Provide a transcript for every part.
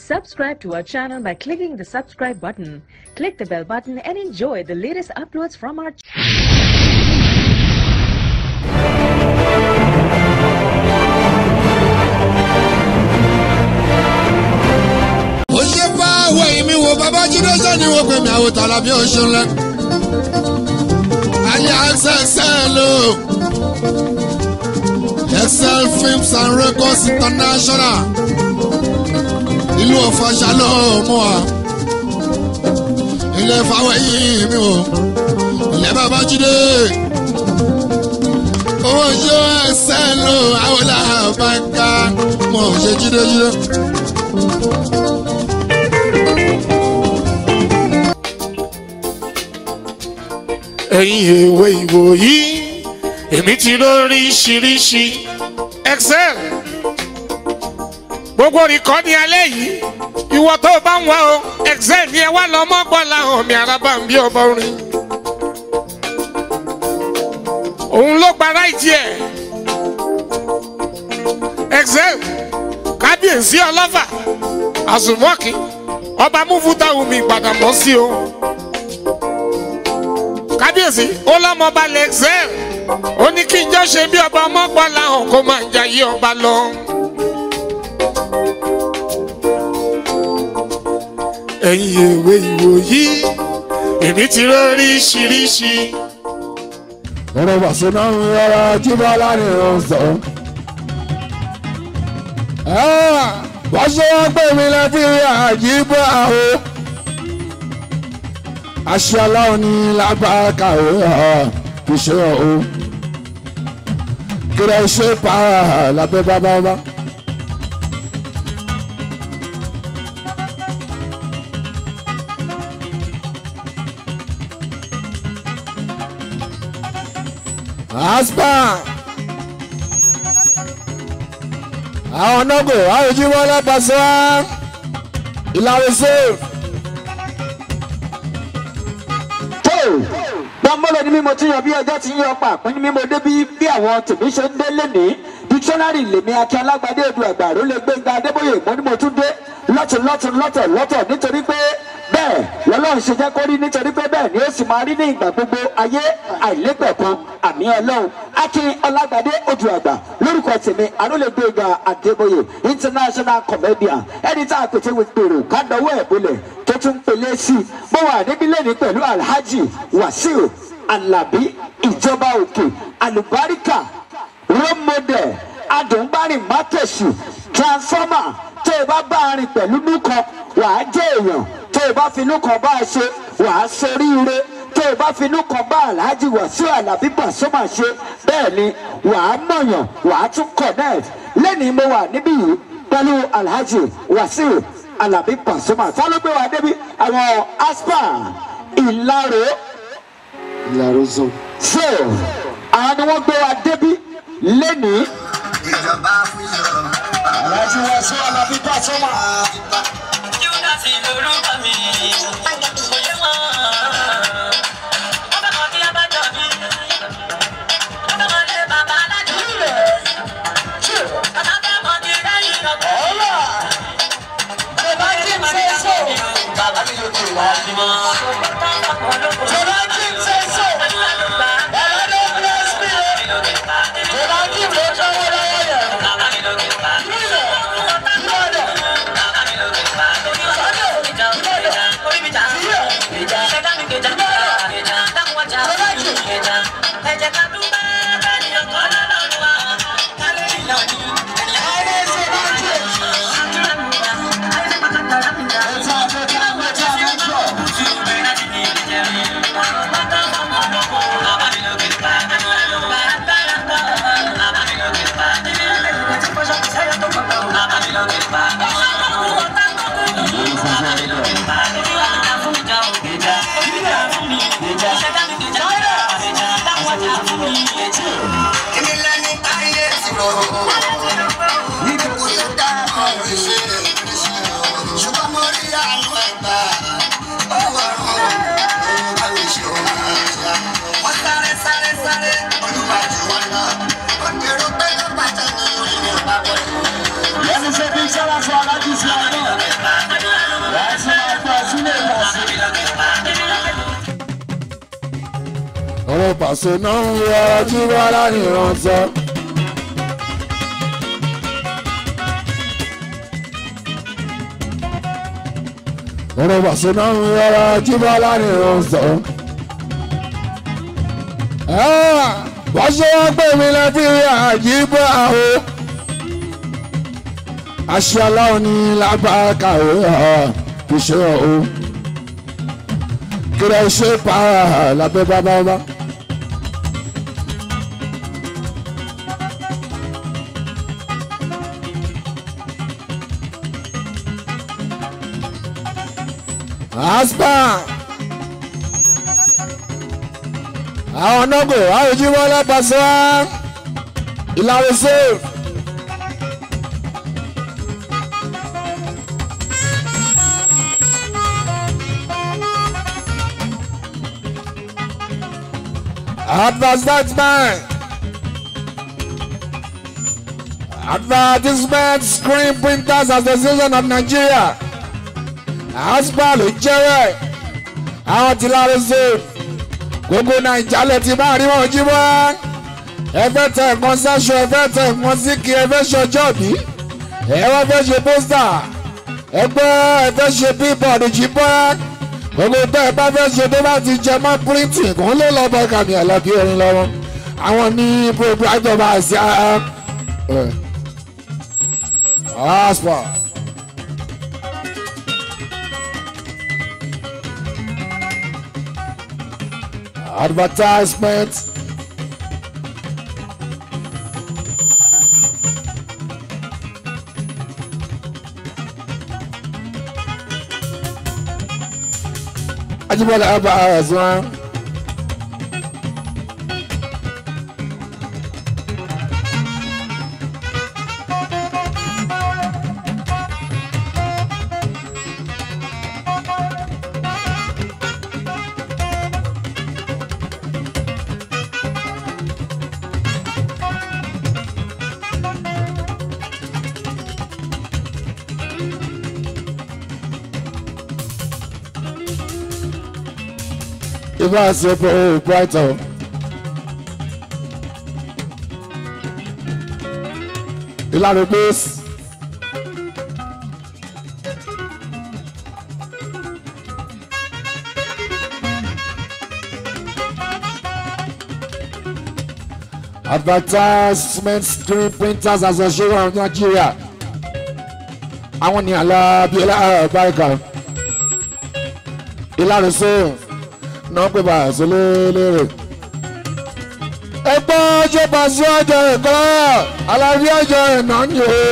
Subscribe to our channel by clicking the subscribe button. Click the bell button and enjoy the latest uploads from our channel. lò Excel Films and Records International. ìlú ọ̀fọ̀ṣà lọ́mọ à ilé fáwọn yìí mi ò ilé bàbá jíde owó yó ẹsẹ̀ lò àwọn làbàkà mọ̀ ṣe jíde jíde. ẹ̀yin èwe ìwòyí èmi ti lóríṣiríṣi excel gbogbo rìkọ́dì alẹ́ yìí ìwọ tó bá ń wá o ẹ̀xẹ́ ni ẹ wá lọ́mọ gbọ́la omi araba ń bí ọba orin. òun ló gba ráìtì ẹ̀ ẹ̀xẹ́ kábíyèsí ọlọ́fà àzùmọ́kì ọba múfúta omi ìgbàdàmọ́ sí o. kábíyèsí ó lọ́mọ balẹ̀ ẹ̀xẹ́ ó ní kí n jọ́ ṣe bí ọba ọmọ gbọ́la hàn kó máa ń jayé ọba lọ. ẹ̀yin èwe ìwòyí èmi ti lóríṣiríṣi. ọ̀rọ̀ wàṣẹ náà ń rọra jíbọ́lá ni ó ń sọ. wọ́n ṣe wọ́n pè mí láti rí àjíbọ́ àwọn. aṣọ aláwọ̀ ni lágbára kàwé kò ṣe ọ̀ o. kí ló ṣe pa lábẹ́ bábá bá. aspa àwọn nọgò àròjúmọ́ lápasẹ̀ ìlànà safe. gbọ́nbọ́lọ́ ni mímọ tí yan bí ọjọ́ ti yan pa pín ní mímọ débi bí àwọn tèmi ṣe ń dé lénìí dictionary lèmi akin alágbádé odò àgbà ló lè gbé gba adébóyè mọ́ ni mo tún dé lọ́tún lọ́tún lọ́tọ̀ lọ́tọ̀ nítorí pé bẹ́ẹ̀ lọ́lọ́run ṣe jẹ́ kó rí nítorí pé bẹ́ẹ̀ ni ó sì máa rí ní ìgbà gbogbo ayé àìlẹ́gbẹ̀kun àmì ọlọ́run akin ọlágbàdé odò àgbà lórúkọ tèmi arúlẹ̀gbẹ̀gà àdébóyè international comedian ẹni tá a pète gbèrò kádọ́wọ́ ẹ̀ bolẹ̀ tó tún pelé sí i bó wà níbí lẹ́ni pẹ̀lú alhaji wasiu alabi ìjọba òkè alubarika role model adùnbárìn mátẹ̀sù transformer tó o bá bá a rìn pẹ̀lú inú kan wàá jẹ́ èèyàn tó o bá finú kan bá a ṣe wàá ṣoríire tó o bá finú kan bá aláàjì Wàsíù Àlàbí Pasuma ṣe bẹ́ẹ̀ ni wàá mọ̀yàn wàá tún connect lẹ́nìí mo wà níbí yìí pẹ̀lú aláàjì Wàsíù Àlàbí Pasuma sálọ́gbé wa débi àwọn aspa ìlàró ìlàró zone. so àwọn ni wọ́n gbé wa débi lẹ́nìí. ìjọba fún yọrọ alájú wa sọ alábí bá sọmọ. Judas lórúkọ mi kò Gracias. kíni lẹ́ni táyé ti rọ̀ níbi kò lè dá ọ̀rọ̀ ìṣe ṣùgbọ́n mo rí àwọn ẹ̀gbà ọwọ́ ọ̀rọ̀ ọ̀rọ̀ bá àwọn pàṣẹ náà ń yọ ọtí wá láyìn ránṣẹ́. àwọn pàṣẹ náà ń yọ ọtí ah, wá láyìn ránṣẹ́. pàṣẹ wọn pè mí lẹ́bí àjíbọ̀ àwọn. aṣọ aláwọ̀ ní lágbára kàwé kìí ṣe ọ̀hún. kí ló ṣe pa lábẹ́ bábá bá. Aspa. Àwọn nọ́gò àròjúmọ́ lápasẹ̀ wá. Ìlànà safe. Advertisement. Advertisement Screen Printers Association of Nigeria àásùpá ló ń jẹ́ rẹ̀ àwọn ti Láró zone gbogbo Naija lẹ ti máa rí wọn jí wọn ẹ fẹ́ tẹ nǹkan sẹ́sọ ẹ fẹ́ tẹ nǹkan síkì ẹ fẹ́ ṣọjọ́ bí ẹ wá fẹ́ ṣe pósítà ẹ gbọ́ ẹ fẹ́ ṣe bíbọ̀dù jí bọ́ gbogbo tẹ ẹ bá fẹ́ ṣe tó bá ti jẹ mọ́ píríntì kò ń lọ bọ́ kàmì ẹ̀ lọ bí orin lọ́wọ́ àwọn ní gbogbo àjọba àṣà. Aspa. advertisement. Ajibọlá Abba Azwan. glass up oh brighter. Oh. Ìlànà place. advertisement screen printers as a association of Nigeria I want àwọn ni Alábí Ọlábàríkà The sales náà pé bá àṣẹ lérè. ẹ gbọ́ ṣé pàṣẹ ọjọ́ ẹ̀kọ́ alábí ọjọ́ ẹ̀nà ń yò ó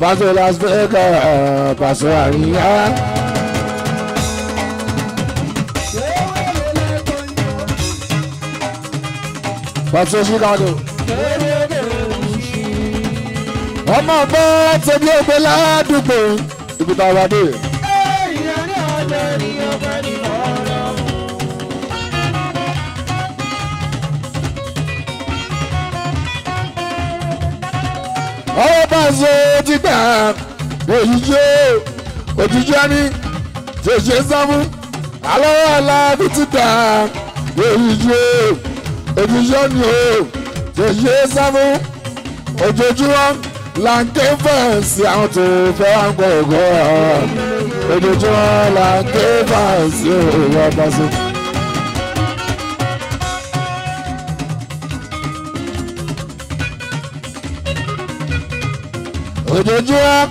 pàṣẹ Las Vegas pàṣẹ àríyá. pàṣẹ Chicago. ọmọ ọgbọ́n ṣe bí ògbé ládùúgbò ibi tá a ṣe ti gbà òyìnjẹ́ òjìjẹ́ ní ṣèṣe sámú alọ́wọ́ aláàbí ti gbà òyìnjẹ́ òjìjẹ́ ní o ṣèṣe sámú ojoojúmọ́ là ń ké fẹ̀ǹsì àwọn tó fẹ́ wá ń gbọ́ ògọ́ ojoojúmọ́ là ń ké fẹ̀ǹsì òwò ọba sí. ojoojúmọ́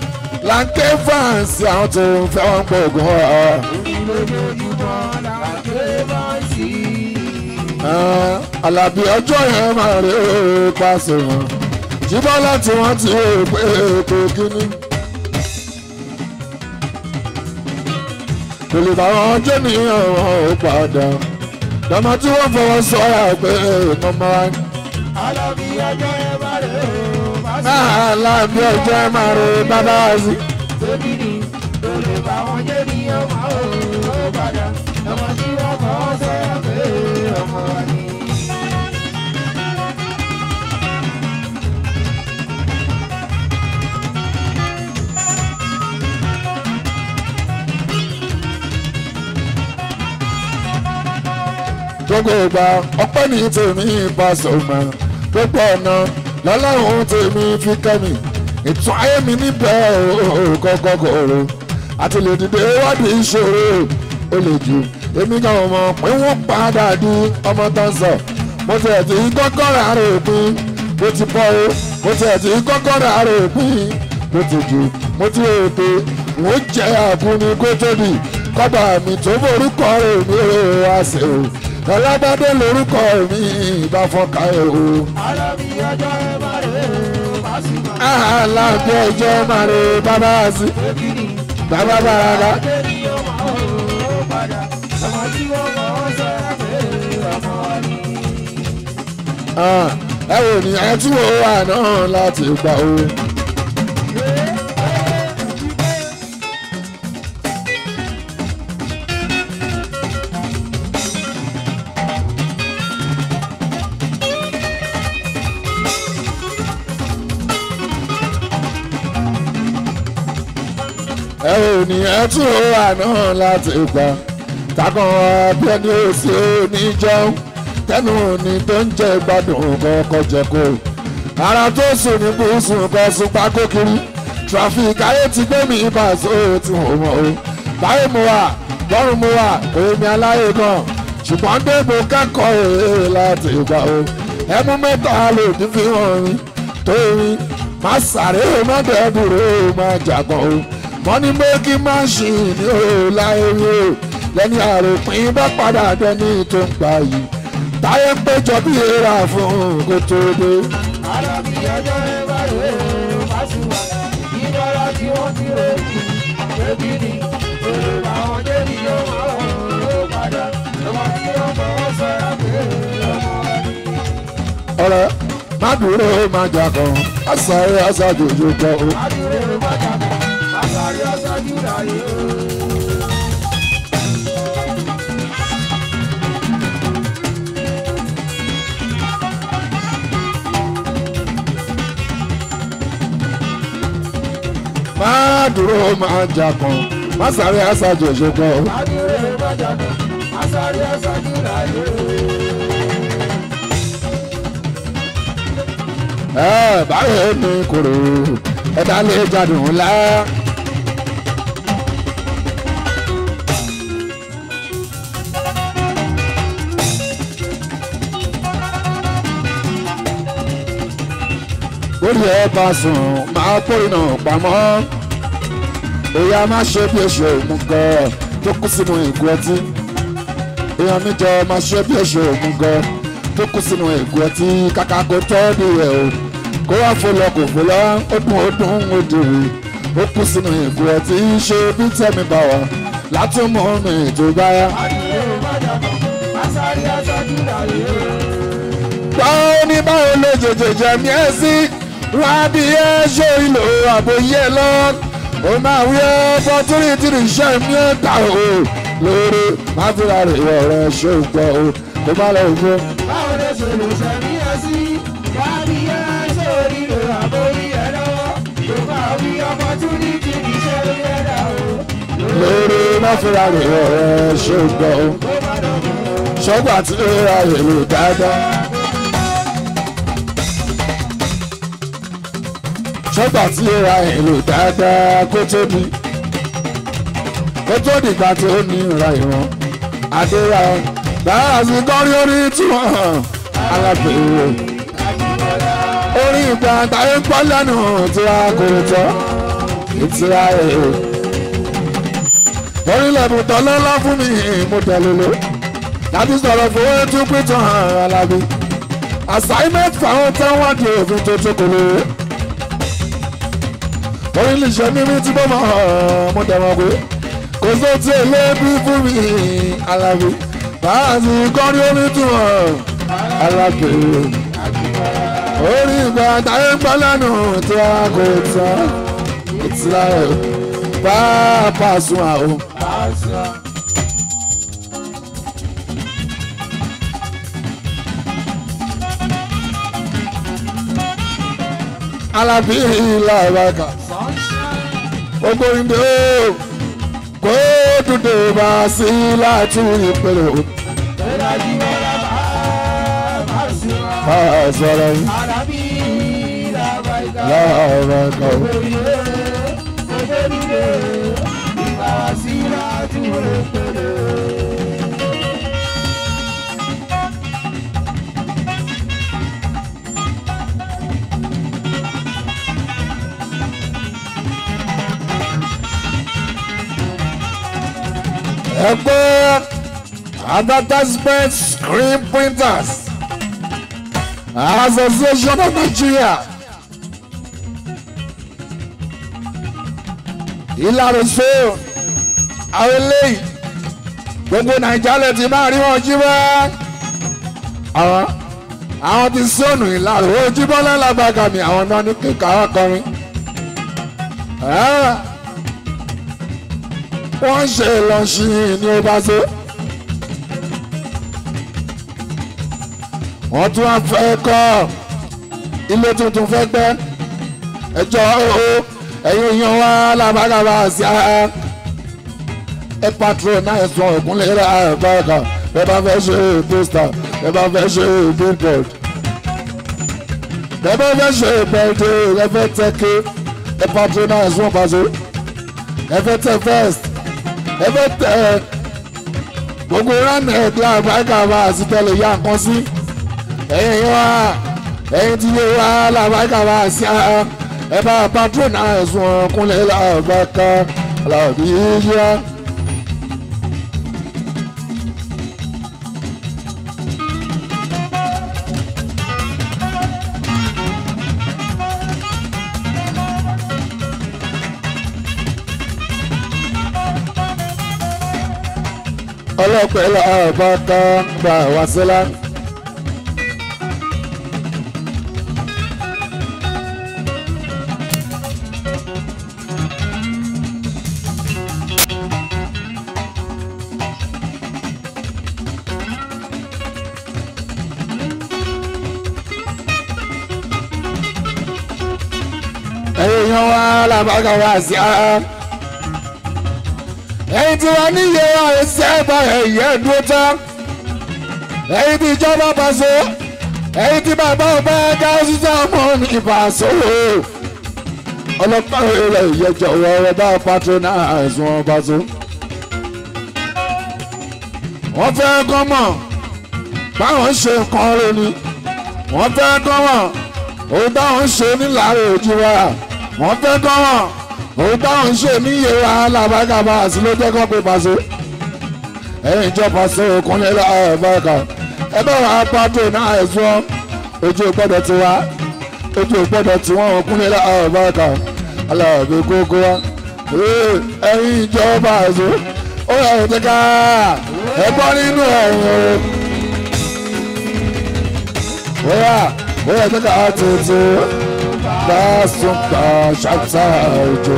là ń ké fáǹsì àwọn tó ń fẹ́ wọn pọ̀ ògùn wa. ojoojúmọ́ là ń ké fáǹsì. Àlàbí ọjọ́ yẹn máa rí pàṣẹ wọn jíbọ́ láti wọ́n ti pé ètò kínní. kò lè bá wọn ò padà dàmọ́ wọ́n fọwọ́ sọ ọ́ pé mọ́mọ́ wa. Àlàbí ọjọ́ yẹn máa rí náà láàbí ọjọ́ máa ro bàbá sí. lódìrí lórí báwọn jẹ́bi ọmọ òun ó padà ọmọ tí wọ́n kọ́ sọ́yà pé ọmọ wa ni. gbogbo ìgbà ọpẹ́ nìyí tèmi ìbá sọ̀mọ́ gbogbo ọ̀nà lọ́lọ́run tèmi fi kẹ́mi ìtún ayé mi níbẹ̀ kọ́kọ́kọ́rọ́ àti lè dìde wádìí ìṣòro ó lè jù èmi gan ọmọ pé wọ́n padà di ọmọ tán sọ mo ti ẹ̀tì kọ́kọ́ rà rè pín mo ti bọ́ o mo ti ẹ̀tì kọ́kọ́ rà rè pín mo ti jù mo ti rò pé wọ́n jẹ́ àbúni kó tóbi kọ́ba mi tó borúkọ rè mí rè wá sí o ọlábàdé lórúkọ mi ìbá fọkà ẹ o. alábí ọjọ́ ẹ má rè é Pasuma. alábí ọjọ́ ẹ má rè é bàbá àti bàbá bàràdà. Ah, ẹ wò ní ẹ tí wò wà náà láti gbà o. òní ẹtún àná láti gbà takàn ọbẹ ní òsì oníjẹun tẹnu òní tó ń jẹ gbádùn kọkọ jẹko ara tó sùn ní gúúsù kan sùn pákó ayé ti gbé mi ibà sóò tí mo mọ o báyìí mo wà lọ́rùn mo wà èmi aláyè kan ṣùgbọ́n débò kẹ́kọ̀ọ́ èè láti gbà o ẹmu mẹ́ta lòdì fi hàn mi tó yin má sáré má dẹ́dúró má jàgbọ́n o wọ́n ní pé kí má ṣe ní òòlà èrò lẹ́ni àròpin bá padà dẹni tó ń gbà yìí táyé ń péjọ bí èèrà fún kó tó dé. alábí ọjọ́ ẹ bá rè é fásiwà ìjọra tí wọ́n ti rè é débi ni èrò àwọn débi yóò máa ń lò padà lọ́wọ́ tí wọ́n fọwọ́ sọ́ra pé ọmọ ẹni. ọ̀rẹ́ má dúró má jà kan àṣà ẹ̀ àṣà jòjò kan o. má dúró má jà kan sáré aṣáájú láyé o. má dúró máa jà kan má sáré aṣáájú òṣogbo. má dúró máa jà kan má sáré aṣáájú láyé ẹ báyìí ní kúrò ẹ lè jádùn ńlá. lórí ẹ bá sùn máa kórìnà pamọ́ òyà má ṣe bí oṣù òmùgọ̀ tó kú sínú ìgò ẹtí èèyàn mi jọ má ṣe bí oṣù òmùgọ̀ tó kú sínú ìgò ẹtí kàkà kó tọ́ ní rẹ̀ o kó wá fọlọ́ kò fọlọ́ ó dùn ó dùn ó dìrì ó kú sínú ìgò ẹtí ṣe bí tẹ̀mí bá wà látúmọ̀ mi tó bá yá. báwo ni báwo ló jòjòjò sí. Radiation ìlò àbòyẹ lọ. Ó máa wí ẹ́ fọ́túrìtì iṣẹ́ mi ń ta o. Lórí máa fi ra rẹ̀ ọ̀rẹ́ ṣe ń pọ̀ o. Kó má lọ fún. Báwo lè ṣe lè ṣe mí ẹ sí? Lórí máa fi ra rẹ̀ ọ̀rẹ́ ṣe ń pọ̀ o. Ṣọ́gbà tí ó ra rẹ̀ lò dáadáa. ṣọ́gbà tí ó ra èlò dáadáa kó tó ní kó tó dìgbà tí ó ní ra ìwọ̀n àdéhà dáhà sí kọ́rí orí tí wọ́n hàn alágbèrè orí ìgbà táyé pọ́ lẹ́nu tíra kò tọ́ ìtura èrò orílẹ̀ ìbùtọ́ lọ́lá fún mi mo tẹ̀lé lọ láti sọ̀rọ̀ fún owó tún pín tán alábi assignment fáwọn tán wá di òfin tó tó kò lóore torí lè ṣe mímí tí mo máa mo dẹ̀mọ̀ pé kò sọ tí eléèbí fún mi alábí báàsì kọ́rí orí tún ọ̀ alábí orí ìgbà táyé ń gbọ́ lánà tí a kò tán ìtura ẹ̀ bá a pa àsun àwọn. Alabi ilá ìbáka ogo inde o ko dude ba si láti ìpele o. Máa sọ̀rọ̀ yìí. Láàárọ̀ kan. ẹgbẹ́ advertisement screen printers association of Nigeria ìlànà sóò àwọn eléyìí gbogbo nàìjíríà lè ti máa rí wọn jí bẹ́ẹ̀ àwọn àwọn ti sóònù ìlànà ojú bọ́lá làgbàgàmì àwọn náà ní kíkà ọkọrin wọ́n ṣe lọ sí i ní ọba tó. wọ́n tún wá fẹ́ kọ́ ilé tuntun fẹ́ gbẹ́ ẹjọ́ o ẹ̀yin yan wá lábàgàbà sí a. ẹ patro náà ẹ sọ ìkúnlẹ̀ rẹ̀ àbáyọ̀kà ẹ bá fẹ́ ṣe pósítà ẹ bá fẹ́ ṣe billboard ẹ bá fẹ́ ṣe bẹ́ẹ̀dẹ̀ ẹ fẹ́ tẹ́kẹ́ ẹ patro náà ẹ sọ pàṣẹ ẹ fẹ́ tẹ́ first evertech gbogbo ranet làbákà bá àsìtẹ́lẹ̀ yá nǹkan sí ẹ̀yìn yín wá ẹ̀yìn tí yóò wá làbákà bá àsì ẹ̀ bá patron àìsàn ọkùnrin làbákà làbí elok elok ah, potong bawa selang. Ayo, lah, bagaimana siapa? ẹ̀yin tí wọ́n níye àìsẹ́ ẹ̀bà ẹ̀yẹ́ dúró tán ẹ̀yin tí ìjọba Paso ẹ̀yin tí bàbá ọba ẹ̀ka ṣíṣe ọmọ ìbàṣọ ọlọ́pàá rẹ̀ ìyẹ̀jọ̀ ọ̀rọ̀ bá patronize wọn Paso. wọ́n fẹ́ kọ́ mọ̀ báwọn ṣe kan rẹ̀ ni wọ́n fẹ́ kọ́ mọ̀ òun ṣe nílàárọ̀ òjì wa wọ́n fẹ́ kọ́ òun táwọn ń ṣe níye wa alábàákàbà àti ló jẹ́ kọ́ pé pàṣẹ ẹ̀yìn ìjọba ṣe òkúnlẹ̀ láàbàkà ẹ bá wà á náà ẹ̀fọ́ ojú gbọ́dọ̀ ti wá ojú gbọ́dọ̀ ti wọ́n òkúnlẹ̀ láàbàkà alábàákà kókó wa ẹ̀yìn ìjọba àṣọ ó yà ó ti ká ẹ bọ́ nínú ọ̀run ó yà ó yà ti ká àtúntò lásùn kan ṣàtà òjò.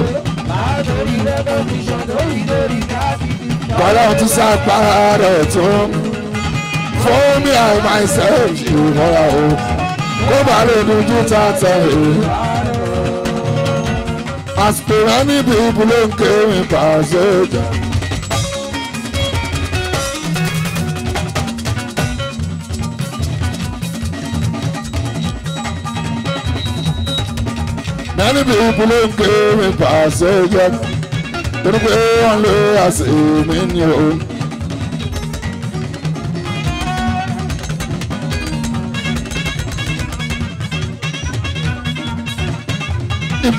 Bọ́lá tún sápá rẹ̀ tún. For me and myself, ìrora o. Kó bá lè dojú tata rè. Aspirani bíbélì ń kéwìn pàṣẹ jà. Many people don't give me passenger. Don't be only as in you.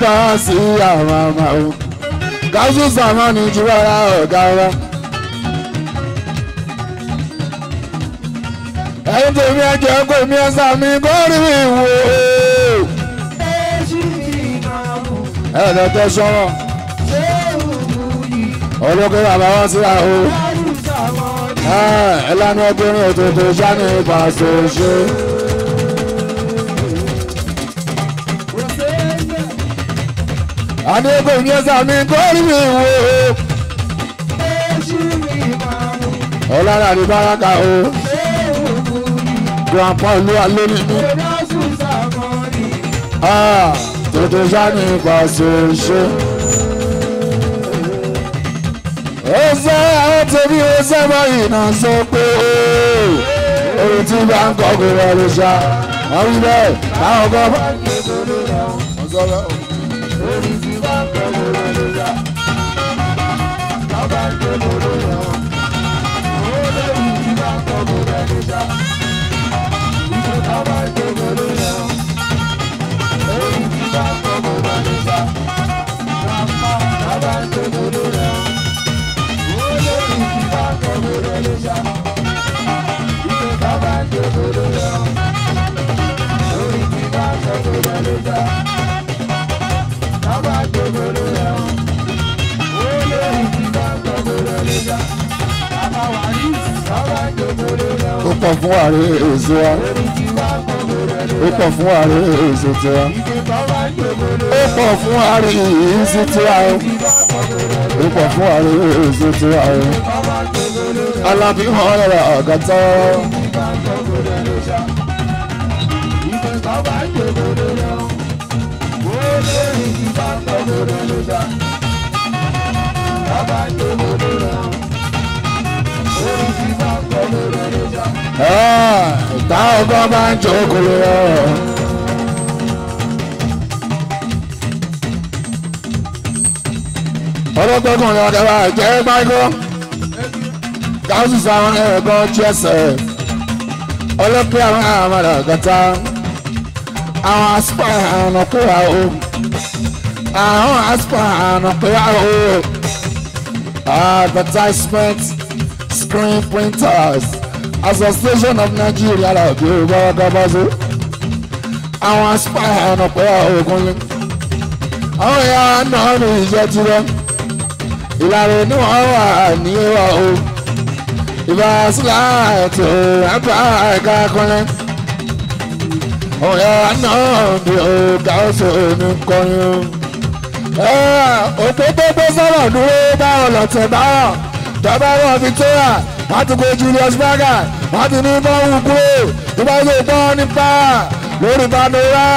I sí àwọn ọmọ o. Gáúsù sàmọ́ to Jùlọ́lá ọ̀gá wa. Ẹ̀yin tèmi ẹ̀jẹ̀ kò mí ẹ̀sà mi kó rí mi wò ó. ẹ̀ẹ́dẹ̀ tẹ́ sọ́rọ̀ olókè bàbá wọn síra o ẹlẹ́nu obìnrin òtòtò sani pàṣẹ ṣe. àdéhùn ìyẹ́sà mi kórìí mi wò ó ọlára ní báraka o grandpa olúwa lónìí Ah. Tudo já me passou Ẹsẹ̀ àtẹ̀bí ẹsẹ̀ báyìí náà sọ pé orí tí bá ń kọ́ kó rẹ̀ ṣá. Wọ́n wí bẹ́ẹ̀ kọ́ bá ń gbé gbòdó lọ. gbèjà ká má gbogbo rẹ̀ o ó lè ti ká gbogbo rẹ̀ gbèjà ká fún ààrẹ èso wa ó pọ̀ fún ààrẹ èso tí wa ó pọ̀ fún ààrẹ èso tí wa o ó fún ààrẹ èso tí wa alábí hàn rẹ̀ àgàtà. Ah, bá ń jòdòdò lọ wó lórí ti bá ń tọ́jòdò ló dá bàbá ń jòdòdò lọ tá ọgbọ́n bá ń jókòó lọ. ọlọ́gbọ́gbọ́n ni ọ̀dọ́ jẹ́ báyìí gáúsù sáwọn ẹ̀rọ kan jẹ́sẹ̀ ọlọ́pẹ́ àwọn àmàlà gàtá àwọn aspa àna pẹ́yà o àwọn aspa àna pẹ́yà o advertisement screen printers association of Nigeria làbí o báwa gábàzó àwọn aspa àna pẹ́yà o kúnlẹ̀ àwọn ìyá náà ní ìjẹ́ tirẹ̀ ìlànà inú wọn wà o ìbáṣílá ètò ẹ̀bá ẹ̀ka kúnlẹ̀ ọ̀rẹ́ náà ni ọ̀gá ṣe ní kọyún. òpópópó sọ̀rọ̀ dúró báwọn lọ́tẹ̀ báwọn tọ́ba wọn fi tó rà láti kó Julius Berger láti ní bọ́ọ̀hún kúrò ìbáṣe ìbọn nípa lórí panora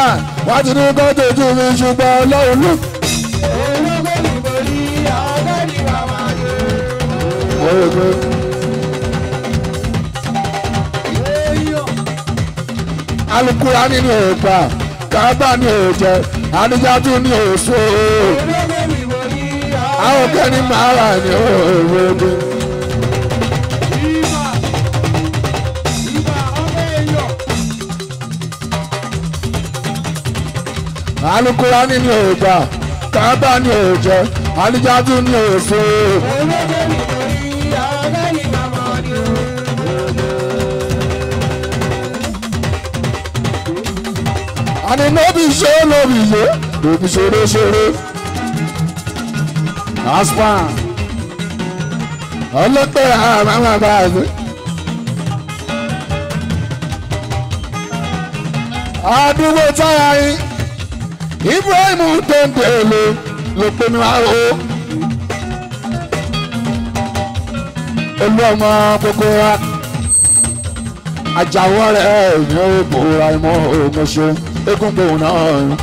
wọ́n ti ní kóòtù ojú mi ṣùgbọ́n ọlọ́run ló. Oh, alukura nínú òògbà kábà ní òòjẹ adijatu ní òòso àwọn kẹni máa wà ní òòrùn. alukura nínú òògbà kábà ní òòjẹ adijatu ní òòso. Ani e no be so no be so Aspa. be soro soro aspan ọlọpẹ àmàmà báyìí. àdúgbò táyà yín Ibrahim tẹ̀ǹtẹ̀ èlò ló pinnu àwọ̀ olú ọmọ gbogbo wa àjàwọ̀ rẹ̀ ẹ̀yìn òbúra ìmọ̀ ògùn ṣe egun kò náà.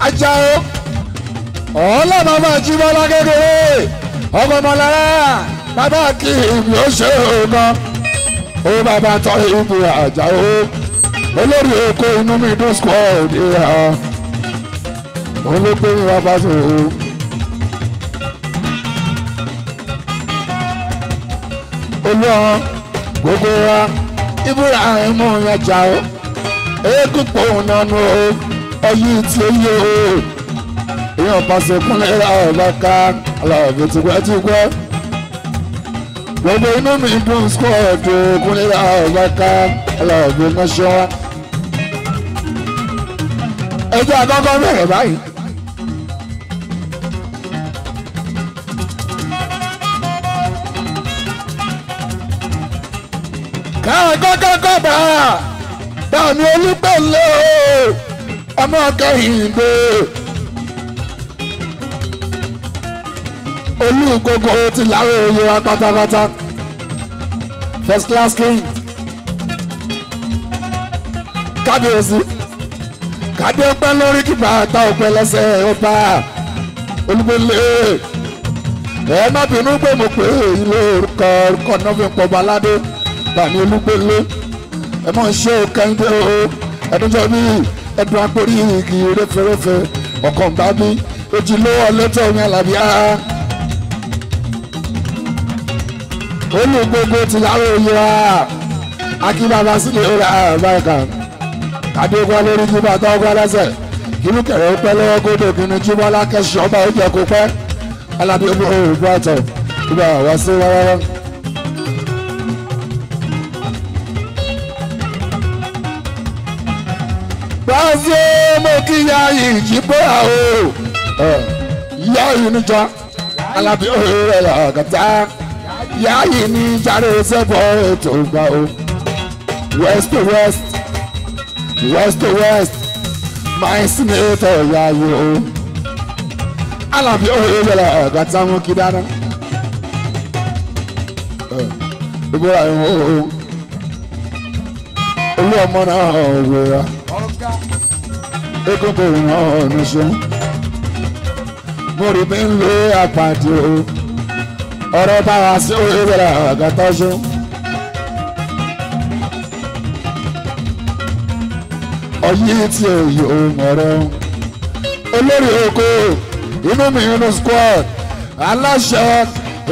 ajá o ọ̀ọ́lá màmá jí bọ́lá kékeré ọmọ ọmọlára bàbá kì í ló ṣe ọ̀gán ó bàbá tọ́ ibi àjà o olórí èkó inú mi dùn squad ìhà òun ló gbé mi wá bá sùn o. olú ọ̀hún gbogbo wa. Ibrahim ọjà o eégún pọ̀ nánú o ọyí tí ó yé o èèyàn pàṣẹ kúnlẹ̀ ọ̀bá ká aláàbò tipẹ́tipẹ́ gbogbo inú mi dùn skọ́ọ̀tù kúnlẹ̀ ọ̀bá ká aláàbò náṣọ́ ẹjọ́ àkọ́kọ́ bẹ̀rẹ̀ báyìí. Bàmí Olúpẹ̀lẹ́ o, ọmọ Kẹ́hìndé. Olú gbogbo ti láwọn oyè wa pátápátá. First class king. Kábíyèsí. Kádé ọpẹ́ lórí kíkà àtà ọpẹ́ lẹ́sẹ̀ ọba. Olúpẹ̀lẹ́ ẹ má bínú pé mo pè ilé orúkọ orúkọ náà fi ń pọ̀ baládé Bàmí Olúpẹ̀lẹ́ ẹ mọ̀ ṣe o kẹ́hìndé o ẹdúnjọ́ mi ẹdùn agbórí igi réferéfe ọ̀kan bá mi ojúlówó ọlẹ́tọ̀ mi àlàbíà olùgbogbo ti láwọn òyìnbá akínbàbá sílẹ̀ ọ̀rẹ́ àbáyọ̀ká adéwọ́ lórí jùbọ̀ àtọ́wọ́ lẹ́sẹ̀ kìlú kẹrẹ ó pẹ́ lọ́wọ́ gbọ́dọ̀ kìnnì jùbọ̀ alákẹ́sì ọba ó jẹ́ kó pẹ́ alábí ó bọ̀ ó ìgbà wá sí wáwáwá. Gbàzó mo kí ya ìjì pé àwò. Ìyá yìí ní jọ, alábí rẹ̀ lọ́gàtà. Ìyá yìí ní jáde sẹ́fọ̀ ètò ìgbà o. West to west, west to west, my senator ìyá yìí o. Alábí òye rẹ̀ lọ́gàtà wọn kí dáná. Gbogbo àwọn olú ọmọ náà wòrán eégún kò ràn ọ̀nà ṣeun mo rí mi ń lo àpàdé o ọ̀rọ̀ báwa sí ìwéra àgàtà ṣeun. ọyí tí èyí ohun ọ̀rọ̀ olórí oko inú mi inú squad aláṣẹ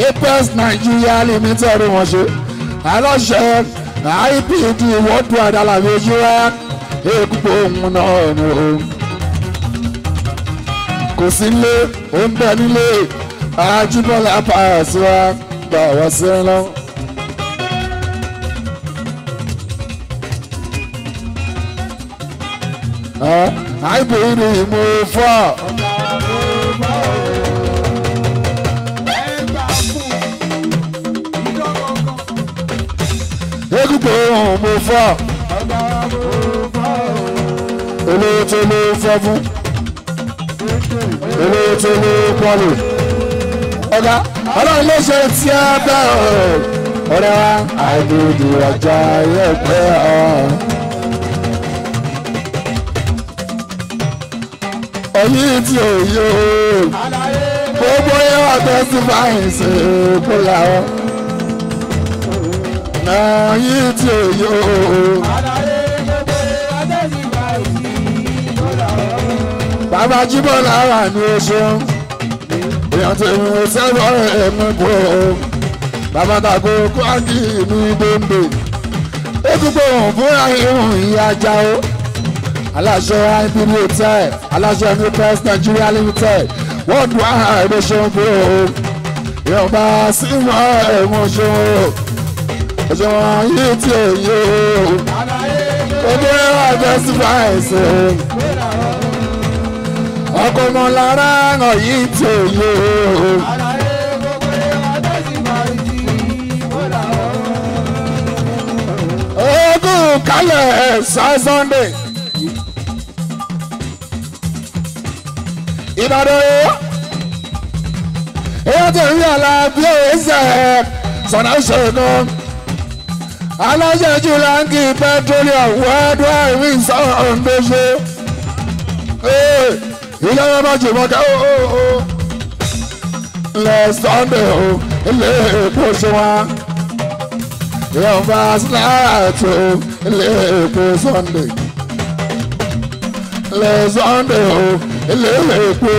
apex Nigeria limited wọn ṣe aláṣẹ IPD wọ́n tún àdàlàyé yíwá pé òun náà ni òun kò sí nílé ó ń bẹ nílé Ajíbọ́lá Pasuma gbà wá sí ẹ lọ. àìbèrè mo fọ́ egungun mo fọ́ olówó tó ló fọ́fún olówó tó ló pọ́lù ọ̀gá ọlọ́run ló ṣe tí a ọ̀rẹ́ wa àdúdú ọjà yóò pẹ́ ọ́. ọyí tí ò gbogbo yẹn wà tó sì fàyìn sí kó yà ọ́. ọyí tí ò bàbá jíbọ́lá wà ní oṣù èèyàn tó ń sẹ́wọ́ ẹ̀mú kú o bàbá tàkó kwagi ìlú bombe ó tún pé òun fúnra ìhùn ìyá ajá o aláṣọ IPB hotel aláṣọ new press Nigeria limited wọ́n dùn áhà ẹ̀mú ṣeun kú o ìyọ̀nba símọ́ ẹ̀mú ṣeun o ọjọ́ yìí tí ò yé o ó bẹ́ẹ̀ wá bẹ́ẹ̀ sí fáìsì o ọkọmọlára hàn yìí tó yẹ o. ogun kálẹ̀ sá Sunday. Ìbàdàn yìí èyí tó ń yàrá bí òye sẹ̀ sọ̀nà ṣègùn alájẹjú láńkì petroleum wẹ́ẹ́dúwẹ́ sọ̀rọ̀ ń dojú ilé ẹ má jù mọ́kẹ́ ó ó ó ilé Sunday ó ilé èkó ṣe wá yọ̀ǹba síláàtì ó ilé èkó Sunday ilé Sunday ó ilé èkó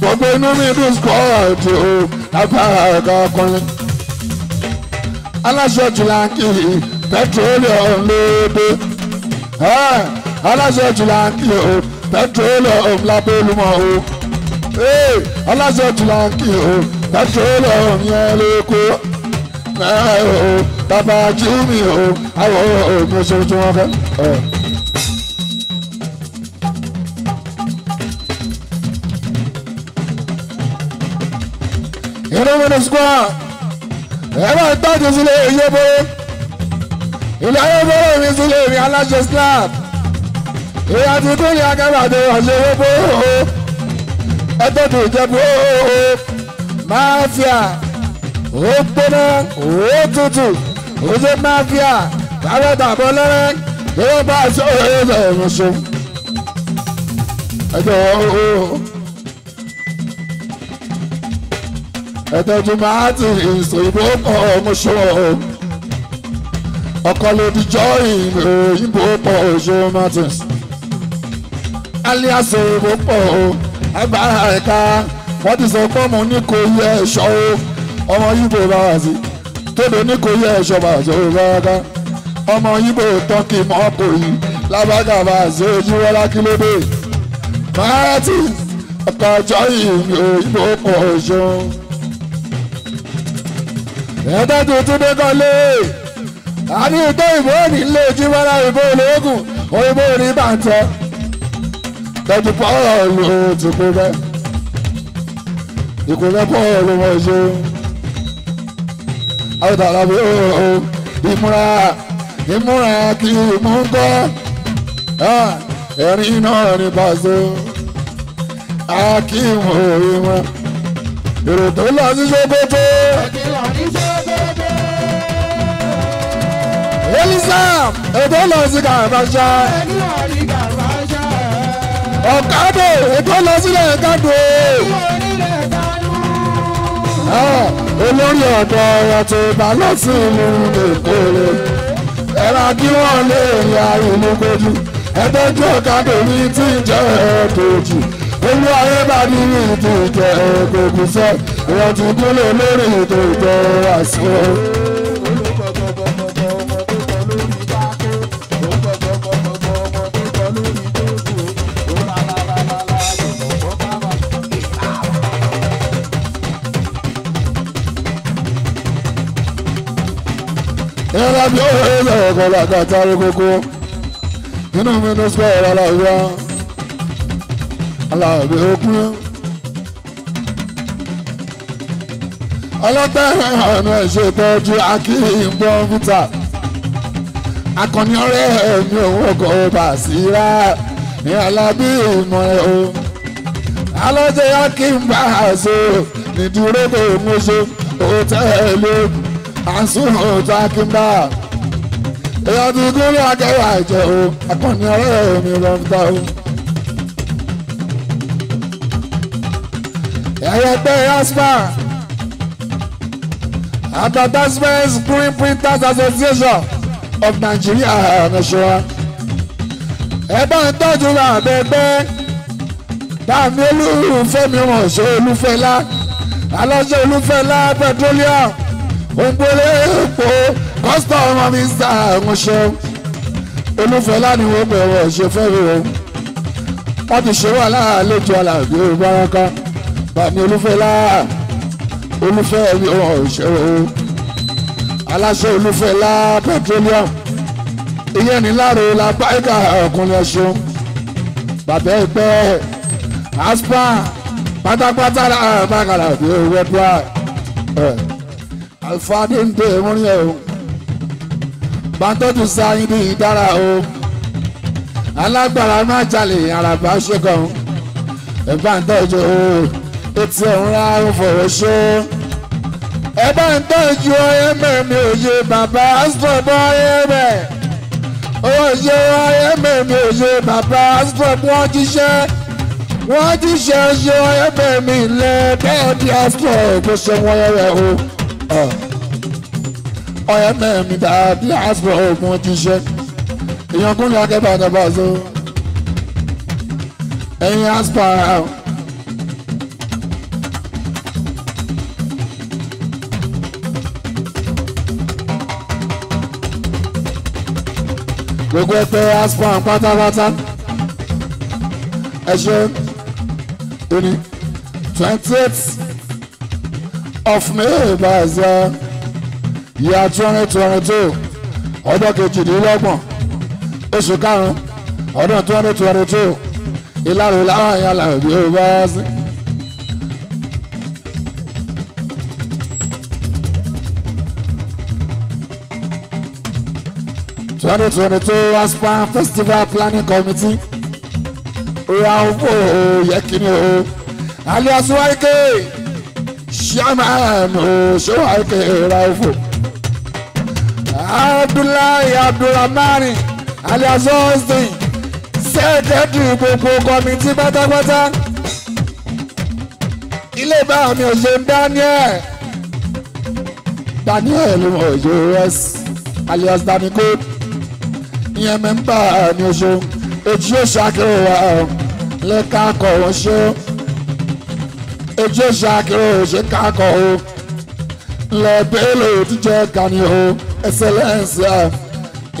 gbogbo inú mi dùn skọ́ọ̀tì ó lágbára ẹ̀ka ọkùnrin aláṣọ jùláńkì pẹtrólíọ̀mù lóde aláṣọ jùláńkì ó pẹtrolo labelumọ o ọlásọtúláńkì o pẹtrolo yẹn náà o bàbá júmi o àwọn oògùn ṣoṣo wọn fẹ. ìrọ̀mọ̀nà square ẹ máa gbájú sílé ìyẹ́bọ̀ ilé ayé mi sílé mi alájọ slab ìyá ti kú ní agbára ni ọ̀lẹ́ owó ẹgbẹ́ tó ìjẹ́bú máfíà ó gbóná ó tutù ó ṣe máfíà bàbá tàbọ̀ lẹ́rẹ́ lọ́wọ́ bá aṣọ òye bẹ̀rẹ̀ lọ́sọ. ẹjọ́ ẹjọ́ tó máa ti ìsìn ìbò pọ̀ ọmọṣọ́ ọkọ̀ lòdì jọ́ ìròyìn pọ̀ ọ̀ṣọ́ martins alias èèbó pọ̀ o agbára rẹ̀ ká wọ́n ti sọ pé ọmọ ní kò yẹ ẹ̀ṣọ́ o ọmọ yíbo bá wà sí tóde ní kò yẹ ẹ̀ṣọ́ bá ṣe òwe báyàká ọmọ yíbo tán kì í mọ́ kò yí lábàgà bá ṣe ojú wọlá kí ló dé máàtì ọ̀pọ̀ ọjọ́ yìí òyìnbó pọ̀ ṣeun. ẹ̀ẹ́dá tuntun dé kan àní ìtọ́ ìbò òní lè jí mọ́ra ìbò olóògùn òyìnbó òní bàtẹ́ dájú pọ́ọ̀lù ti pé bẹ́ẹ̀ ìpínlẹ̀ pọ́ọ̀lù wọ́n ṣe àwòtàlà bí ó ìmúra ìmúra kí mú gbọ́ ẹ̀rín náà ní pàṣẹ akíwò ìmọ̀ èrò tó lọ sí ṣòkòtò. Elisa ètò lọ sí kàfàṣà ọ̀kadò ètò lọ sílẹ̀ kádò. olórí ọ̀dọ́ ọ̀rọ̀ tó bá lọ́sìn mú lèkóre ẹ̀rọ kí wọ́n lè rí arúgbójú ẹ̀dọ́jú ọ̀kadò ní tí ń jẹ́ ẹ̀ẹ́dọ́jú olú ayé bá ní ní ìdíjẹ́ ẹ̀ẹ́dọ́jú sẹ́ ìrọ̀tún kúlẹ̀ lórí ìdíjẹ́ àṣẹ. bí ó rẹ̀ bẹ̀rẹ̀ kọ́ làkàtà rí kókó inú mi ló sọ ọ̀rọ̀ aláàbíà aláàbí okun ọlọ́tẹ̀rẹ̀ ọ̀nà ìṣètọ́jú akíyìnbó fúta akọni ọ̀rẹ́ mi òun ọkọ̀ bàṣírà ní alábí ìmọ̀ ẹ̀ o alọ́jẹ́ akíyìnbó àṣọ nídúró kò mú ṣe òtẹ́ẹ̀lì we àǹsùnwó jákèmbá èèyàn ti gúnlé akẹ́wà ìjẹ́ o akọni ọ̀rẹ́ mi lọ́ńtà o. ẹ̀yẹ́gbẹ́ aspa advertisement screen printers association of Nigeria national ẹ bá ń tọ́jú ra àbẹ́gbẹ́ dáàmú olúfẹ́mi ọmọ ọ̀ṣọ́ olúfẹ́lá alọ́ṣọ́ olúfẹ́lá petroleum ògbólépò pásítọ̀ ọmọ mi sá àwọn ṣe olúfẹ́ lánìí wọ́n bẹ̀rẹ̀ ṣe fẹ́rẹ̀ o wọ́n ti ṣe wà láàlejò aláàbí ìbáraka bàmí olúfẹ́ láà olúfẹ́ mi ò ṣe o aláṣẹ olúfẹ́ láà petroleum ìyẹn ní láàrò lápá ẹ̀ka ọkùnrin ọ̀ṣun bàbá ẹ̀pẹ́ aspa pátápátá làbàkàlà bí owó ẹ̀dúrà àlùfáàdé ń dé orin ẹ̀ o bàtọ́jú sáyìn ní ìdára o alágbára má jalè àràbà ṣẹ́gun ẹ̀bá ń tọ́jú o etí ọ̀hún rà ń fọ̀rọ̀ ṣó ẹ̀bá ń tọ́jú oye baba òye bàbá asọ̀bọ̀ oye òye ẹ̀mẹ̀ mi òye bàbá asọ̀bọ̀ wọ́n jíṣẹ́ wọ́n jíṣẹ́ ṣe ẹ̀mẹ̀ mi lẹ́ẹ̀kẹ́ ọ̀dí asọ̀ tó ṣe wọ́n yẹ̀rẹ̀ o ọyẹ mẹ́rin tàbí àṣọ ogun ti ṣe èèyàn kún ní akẹ́kọ̀ọ́ àtàbà so ẹ̀yin àṣọ àwọn. gbogbo ẹgbẹ́ aspan pátápátá ẹ ṣe twenty eight of May baza ìyá twenty twenty two ọdún kejìdínlọ́gbọ̀n oṣù karùn-ún ọdún twenty twenty two ìlàrú láwọn àyàn làbí ó bá twenty twenty two aspan festival planning committee ó yà ó fò yẹ kí ni ó alias wáyé kéè chairman oh, Sowake Raufo Abdullahi Abdulrahmani alias Austin sẹ́ẹ̀dẹ́dì gbogbo kọ́mítì pátápátá ilé bá mi ò ṣe Daniel Daniel oyes alias Daniko ìyẹn mẹ́mbà mi ò ṣe èjì òṣàkè wà lẹ́ka kọ̀ọ̀ ṣe eje shakiro shekako o lebele otije kani o excellence ah.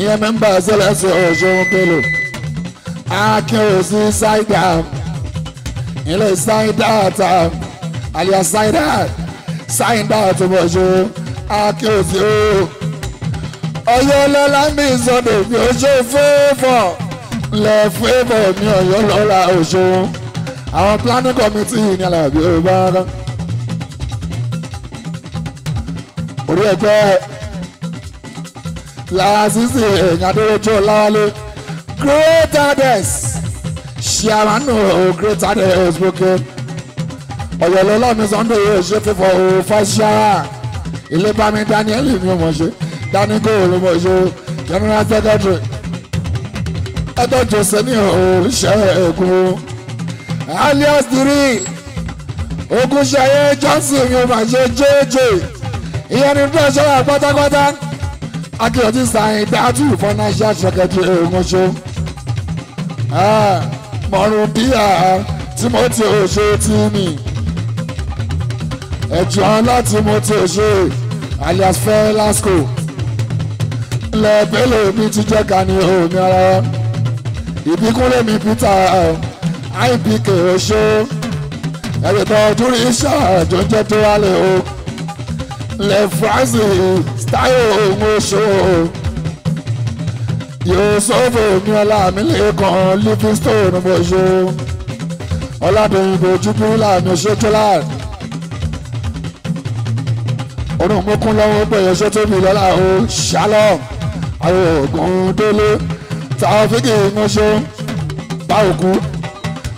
ìyẹn mẹ́mbà excellence o ṣeun pelo akin o sí saida ilé saida ta alia saida saida tó bọ̀ ṣe akin o sí o ọyọlọlá mi sọdọ mi ò ṣe fẹ́ẹ̀fọ̀ lẹ fẹ́ẹ̀fọ̀ mi ọyọlọlá ò ṣeun. Our planning committee ní Alábí Olúbákàn orí ẹgbẹ́ làásìsì èèyàn adéwájú ọláwálé great hades ṣìyàmánú o great hades gbókè ọ̀yọ̀lọ́ ọlọ́ọ̀ni sunday yóò ṣe fífọ o fàṣà ilé bami daniel ni mo ṣe dani gold mo ṣe general secretary ẹjọ́ jose ní oríṣẹ́ ègún alias diri Ogunṣayé Johnson yóò máa ṣe jéèjé ìyẹn ní fúlẹ̀ṣọ́ pátápátá akíyọ̀tí sàyìn dátù financial secretary Ògúnṣe mọ̀rún bíyà Timothy Oṣe tí mi ẹ̀jọ̀ láti Timothy Oṣe alias Felasco lẹ́ẹ̀bẹ́lẹ̀ mi ti jẹ́ ká ní òmìnira ìbíkúnlẹ̀ mi Peter. Uh, IPK oṣó ẹ̀rẹ̀ tó dúró iṣẹ́ àjọjẹ́ tó wà lẹ́ o lẹ́ france style ohun oṣó yóò sọ́fọ̀ ní ọlá mi lẹ́ẹ̀kan livingstone oṣó ọ̀làdọ̀yìnbó ojúbí làmì oṣó tó láàrin orun mokun lọ́wọ́ pẹ̀yẹ ṣó tóbi lọ́la o ṣálọ̀ àwọn oògùn délé tàwọn fíkì mọ́ṣọ́ bá òkú.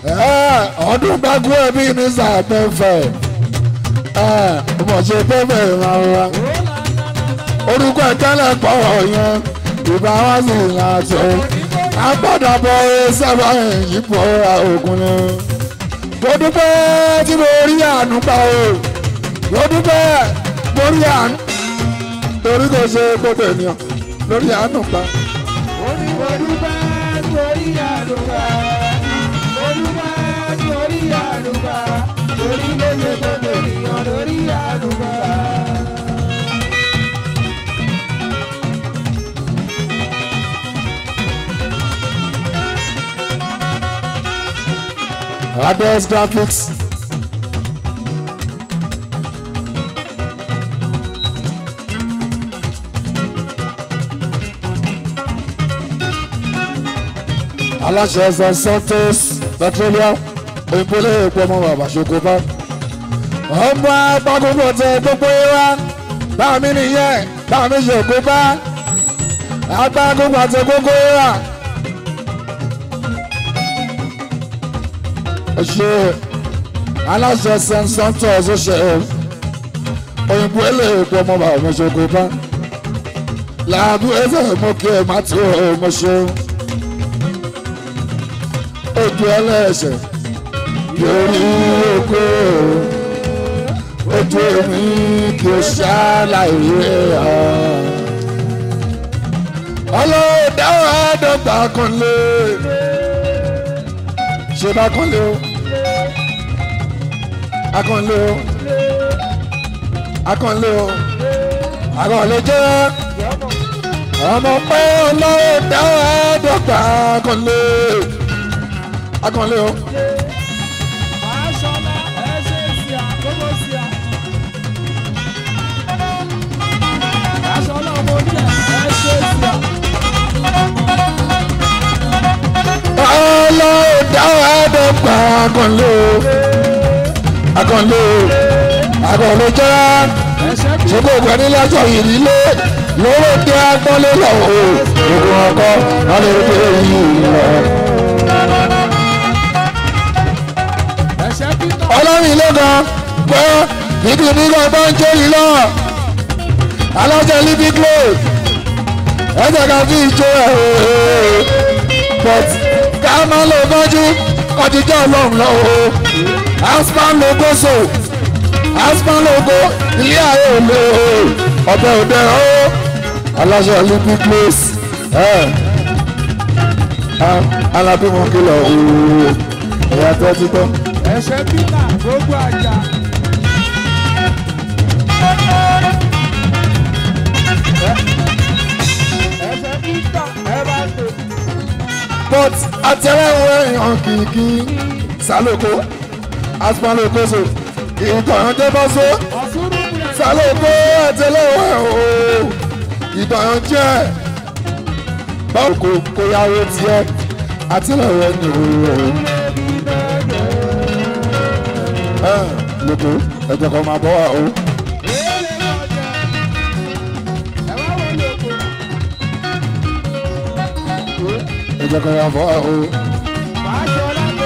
Eh, ọdún gbàgbọ́ ẹbí ní sàpẹ́fẹ́ ọmọọ̀ṣẹ́ pẹ́fẹ́ eh, máa wá orúkọ ìtẹ́lẹ̀ pọ̀ ọ̀yàn ìbá wá sí ìrìnàjò agbọ́dọ̀bọ̀ sábà yípo ogun ni. mo dúpẹ́ tí mo rí àánú gbà o mo dúpẹ́ mo rí àánú torí kò ṣe gbogbo ènìyàn lórí àánú gbà. mo ní mo dúpẹ́ mo rí àánú gbà. àlùbá lórí léyè gbogbo graphics. aláṣẹ ẹsẹ santos petroleum ìpínlẹ̀ èkó ọmọ bàbá ṣokòfà. ọmọ agbákùnbọ̀ tẹ gbogbo wa bá mi nìyẹn bá mi ṣokòfà. agbákùnbọ̀ tẹ gbogbo wa. ṣe aláṣẹ sẹ́ńsọ́ńtọ̀ ọ̀ṣọ́ ṣe é òyìnbó èlèkó ọmọ bàbá ṣokòfà. làádùn ẹ̀fẹ̀ mọ́kẹ́ ẹ̀ má tó ẹ̀ mọ́ṣọ́ ojú ẹlẹ́ẹ̀ṣẹ̀. Yorí oko ojú omi kì í ṣàlàyé ọ. Ọlọ́dà àádọ́gba kan lé. Ṣé bá kan lé o? Akàn lé o. Akàn lé o. Àgàn lè jẹ́ ọmọ pé ọlọ́dà àádọ́gba kan lé. Akàn lé o. ta'ala ó dáwọ́ àdọ́gba àkànlé o àkànlé o àkànlé jẹ́rá ṣùgbọ́n ògbà nílẹ̀ aṣọ yìí nílé lóró dé agbọ́nlé lọ́wọ́ ògùn ọkọ lọ́lẹ́ dé yìí lọ. ọlọ́run ilé kan gbọ́ ibi nílò bá ń jẹ́ yìí lọ́wọ́ alájẹ libi globe ẹ̀jẹ̀ kan fi ìjọ ẹ̀ a máa ń lo mọ́jú ọdíjọ́ ọlọ́run lọ o aspan logo so aspan logo ilé ayé òde o ọbẹ̀ òde o aláṣẹ olympic place alábímọ kìlọ̀ òòrùn ẹ̀yà tó ti tọ́. ẹ̀ṣẹ̀ peter gbogbo àjà. but àtẹ̀wéwò èèyàn kìkì sálòkó asùnmọ́lòkó so ìtàn jẹ́ bọ́ so sálòkó àtẹ̀wéwò ooo ìtàn jẹ́ báwo kò kó yàwó tiẹ̀ àtẹ̀wéwò ni ooo. lóko ẹ̀jẹ̀ kan máa bọ́ wa o. ìgbẹ́kẹ̀rẹ́ ọ̀fọ̀ ọ̀hún. ìgbẹ́kẹ̀rẹ́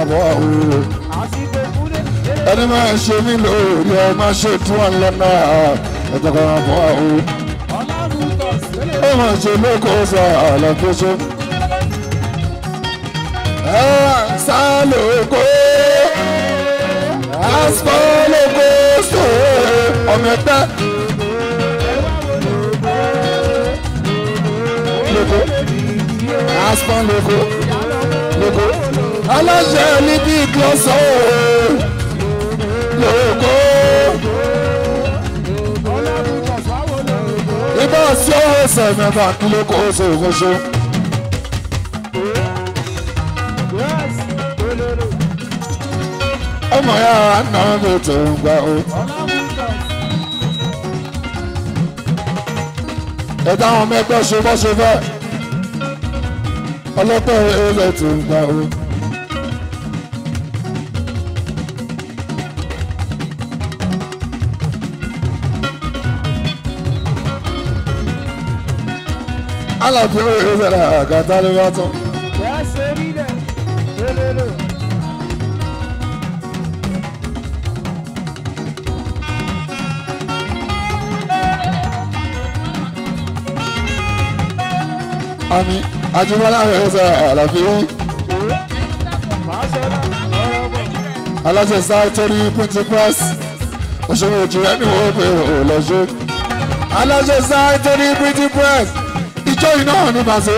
ọ̀fọ̀ ọ̀hún. ẹni máa ṣe mí lórí ọ máa ṣe tún wọn lọ́nà ìgbẹ́kẹ̀rẹ́ ọ̀fọ̀ ọ̀hún. ó máa ṣe lóko sọ àlàfóso. ẹ sá lóko asfalobose ọmọ ẹgbẹ́. lóko asfal lóko lóko aláṣẹ ní bí glọ́sọ̀ lóko. ibà sí ọ̀sẹ̀ mẹ́fà kí lóko ṣe é ṣe. ọmọ ya nà ló tó ń gbà ó. ẹ táwọn ọmọ ẹgbẹ́ ṣe bọ́ ṣe fẹ́ ọlọ́pẹ́ ẹlẹ́ tó ń gbà ó. alábìrì ìrẹsẹ̀ àgàtà ló bá tán. àmì àjùmọ̀lá rẹ̀ ṣe àlàfíì. aláṣẹ sáyẹtẹrí píntín press òṣèré òjìrẹ́ ni wọ́n pè ó lọ́jọ́. aláṣẹ sáyẹtẹrí píntín press ìjọ iná hàn ní màṣẹ.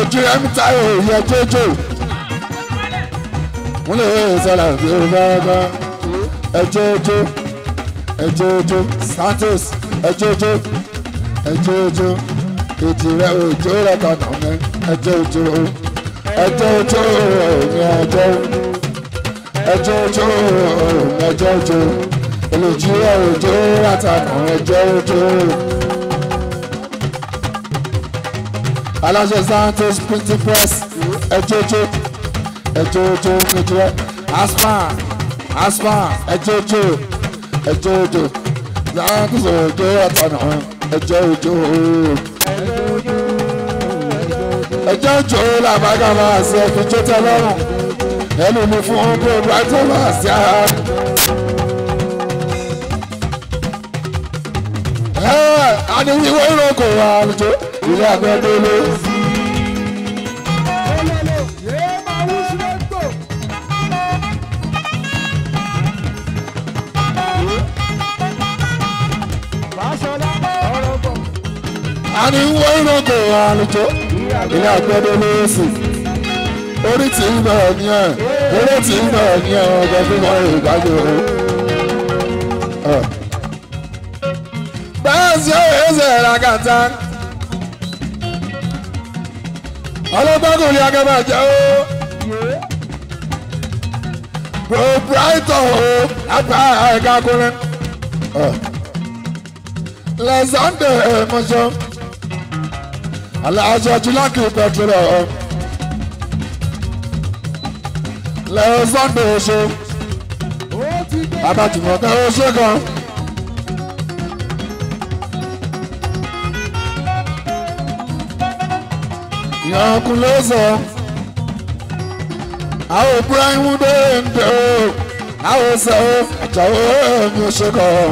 òjìrẹ́ mi táyọ̀ ìyẹn jẹ́jọ́. wọ́n lè ṣe àlàfíì bábá ẹjọ́jọ́ ẹjọ́jọ́ Santos ẹjọ́jọ́ ẹjọ́jọ́ ètì rẹ òjò rẹ kànà mẹ ẹjọ òjò ẹjọ òjò mi ẹjọ ẹjọ òjò mi ẹjọ òjò olùjú rẹ òjò rẹ kànà ẹjọ òjò. aláṣẹ santos printing press ẹjọ òjò ẹjọ òjò mi ẹjọ aspa aspa ẹjọ òjò ẹjọ òjò santos òjò rẹ kànà ẹjọ òjò ẹjọ́ jò ó làbágà máa ṣe fi tó tẹ́ lọ́rùn ẹnu mi fún ọdún ọdún ajé máa ṣe ara. àníwíwọ́ ìrókò wa àlùjọ ilé àgbẹ̀dẹ́lé. àníwíwọ́ ìrókò wa àlùjọ ilé àpẹẹrẹ lóòsì orí tí ń bọ̀ ní ẹ̀ eré tí ń bọ̀ ní ẹ̀ ọ̀gá tó mọ ìgbàgbé o. báńsì ẹ̀ẹ́sẹ̀ ràkàtà ọlọ́gbọ́kùnrin agbẹ́bàjẹ́ o proprietor o àgbà ẹ̀ka kúrin lẹ́sàndé mọ́ṣọ́. Alhaja Julaki Petrol lẹ́yìn Sunday oṣù abájùmọ̀kẹ́ oṣù kan. Yankun ló sọ, àwọn òkúra ìwúndé ń dẹ̀ o, àwọn sẹ́wọ́ àjàwọ́ ẹ̀mí oṣù kan.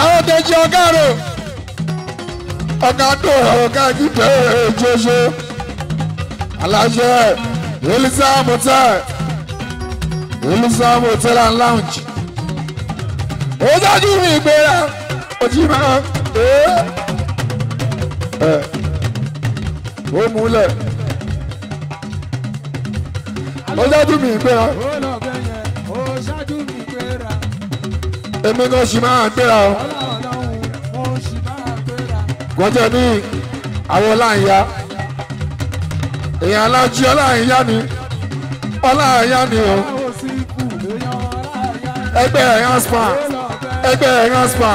àwọn Dèjì ọ̀gá rẹ̀ ọ̀gá tó ọ̀gá jíde ìjọṣe aláṣẹ elisa motel elisa motel and lounge ó dájú mi ìgbéra ojú máa ẹ ó múlẹ̀ ó dájú mi ìgbéra. èmi kan sì máa gbéra o gbọ́dọ̀ ní àwọn ọláìyá èèyàn alájí ọláìyá ni ọláìyá ni o ẹgbẹ́ ẹ̀yán spa ẹgbẹ́ ẹ̀yán spa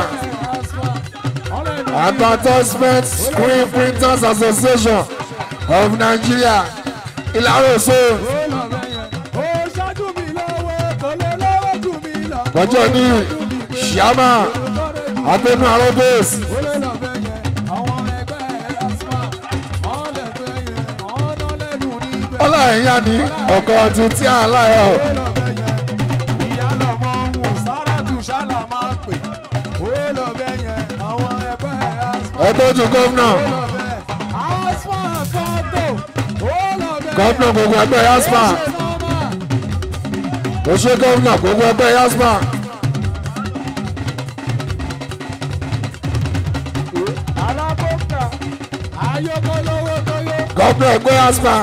advertisement screen printers association of Nigeria ìlàrọ̀ sóòrùn. ọjọ́ ní ṣíámà àtẹnu arọ́bẹ̀s. ọlá ẹ̀yà ni ọ̀kọ̀ títí aláyọ̀. ẹ tọ́jú gómìnà gómìnà gbogbo ẹgbẹ́ yaspa ó ṣe gómìnà gbogbo ẹgbẹ́ yaspa. ọdún ẹgbẹ́ aspa.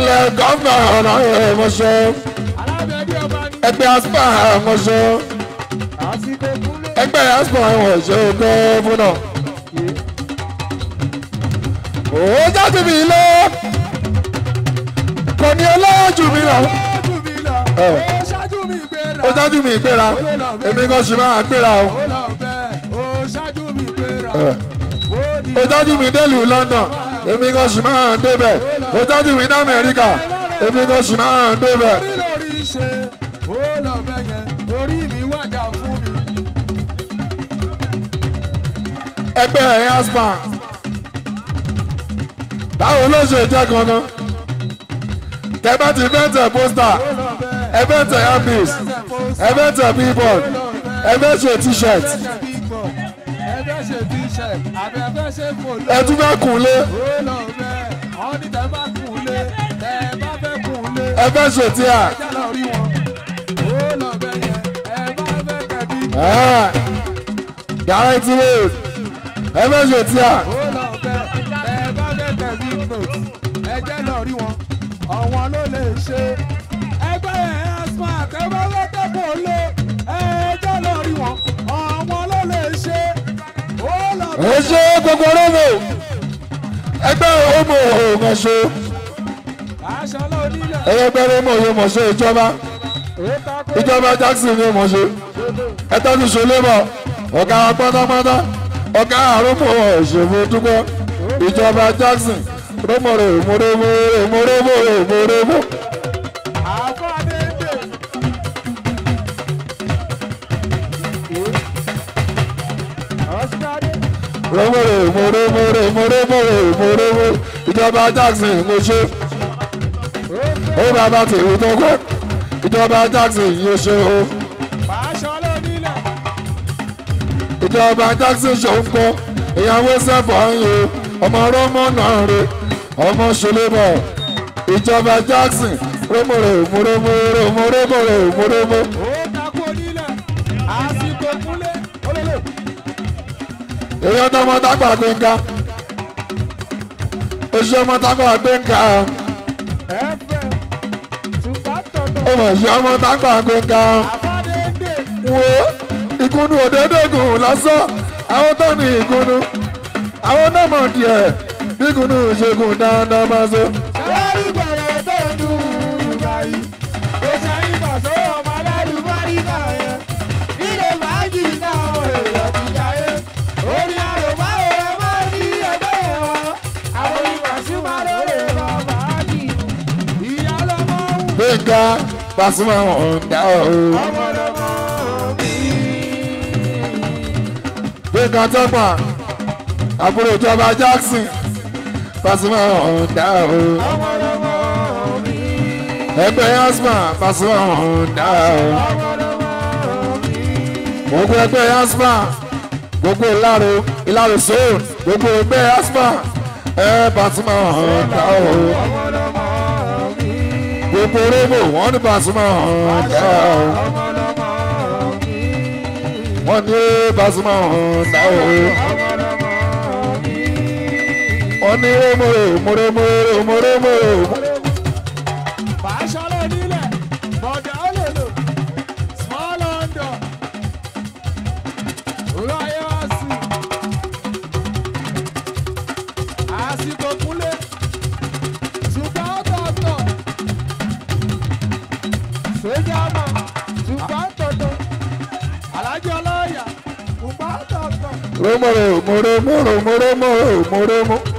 ilẹ̀ gọ́fà ọ̀nà ẹ̀mọ́ṣẹ́ ẹgbẹ́ aspa ẹ̀mọ́ṣẹ́ ẹgbẹ́ aspa ẹ̀mọ́ṣẹ́ ẹgbẹ́ fúnà. òun jáde mi lọ kò ní ọlọ́jù mi lọ ó ṣáájú mi gbéra èmi kan sì máa gbéra o ó mi délùú London èmi kan sì máa ń débẹ̀ ó mi ní Amẹ́ríkà èmi kan sì máa ń débẹ̀. ẹgbẹ́ ẹ̀yìn aspan báwo ló ṣe jẹ́ gangan tẹ bá ti fẹ́ tẹ pósítà ẹ fẹ́ tẹ handbills ẹ fẹ́ tẹ billboard t-shirt àbẹ̀fẹ́ ṣe kò lé. ẹ tún fẹ́ kùn lé. ó lọ bẹ́ẹ̀ ọ́ ní tẹ́ bá kùn lé tẹ́ bá fẹ́ kùn lé. ẹ fẹ́ sòtí à. ẹ jẹ́ lọ rí wọn. ó lọ bẹ́ẹ̀ yẹn ẹ bá fẹ́ kẹ̀bí. Guarantee Road ẹ fẹ́ sòtí à. ó lọ bẹ́ẹ̀ tẹ́ bá fẹ́ kẹ̀bí note ẹ jẹ́ lọ rí wọn ọ̀wọ́n ló lè ṣe ẹgbẹ́ ẹ̀ smart ẹ bá fẹ́ kẹ́kọ̀ọ́ lé ẹ jẹ́ lọ rí wọn ọ̀wọ́n ló lè ṣe mo ṣe gbogbo olóòmò ẹgbẹ́ ọmọ òògùn ṣe ẹgbẹ́ ọmọ òògùn mọ̀ ṣe ìjọba ìjọba Jackson ni mo ṣe ẹtọ́ ti ṣe lébọ̀ ọ̀gá pátápátá ọ̀gá àrùnmọ̀ ìṣòfò dúpẹ́ ìjọba Jackson rọmọrẹ mọrẹmọrẹ mọrẹmọrẹ mọrẹmọrẹ. mòrèmòrè mòrèmòrè mòrèmòrè mòrèmòrè ìjọba Jackson mo ṣe ó bàbá tèmi tó kọ́ ìjọba Jackson yóò ṣe o. ìjọba Jackson ṣe ń kọ́ ìyàwó sẹ́fọ̀ ayò ọmọ rọ́mọ́nà rẹ̀ ọmọ ṣolébọ̀ ìjọba Jackson rémòrè mòrèmòrè mòrèmòrè mòrèmòrè. èyí ọ̀dọ́ ọmọ tágbà gbẹ̀ngà oṣù ọmọ tágbà gbẹ̀ngà ọmọ oṣù ọmọ tágbà gbẹ̀ngà wo ìkúnnù òdòdógùn lọ́sọ̀ àwọn tó ní ìkúnnù àwọn náà mọ̀ díẹ̀ bí ìkúnnù ìṣègùn dáadáa máa ṣe. Pasuma ọ̀ǹda o. Gbẹ̀ngà tọ́pà àbúrò ìjọba Jackson Pasuma ọ̀ǹda o. Ẹgbẹ́ Yasma Pasuma ọ̀ǹda o. Gbogbo ẹgbẹ́ Yasma gbogbo Ìlaro Ìlaro Zone gbogbo ẹgbẹ́ Yasma ẹ Pasuma da o gbogbo rébò wọ́n ní Pasuma Ọ̀ǹda o wọ́n ní Pasuma Ọ̀ǹda o wọ́n ní mòrè mòrè mòrè mòrè mòrè. mòròmó mòròmó mòròmó mòròmó.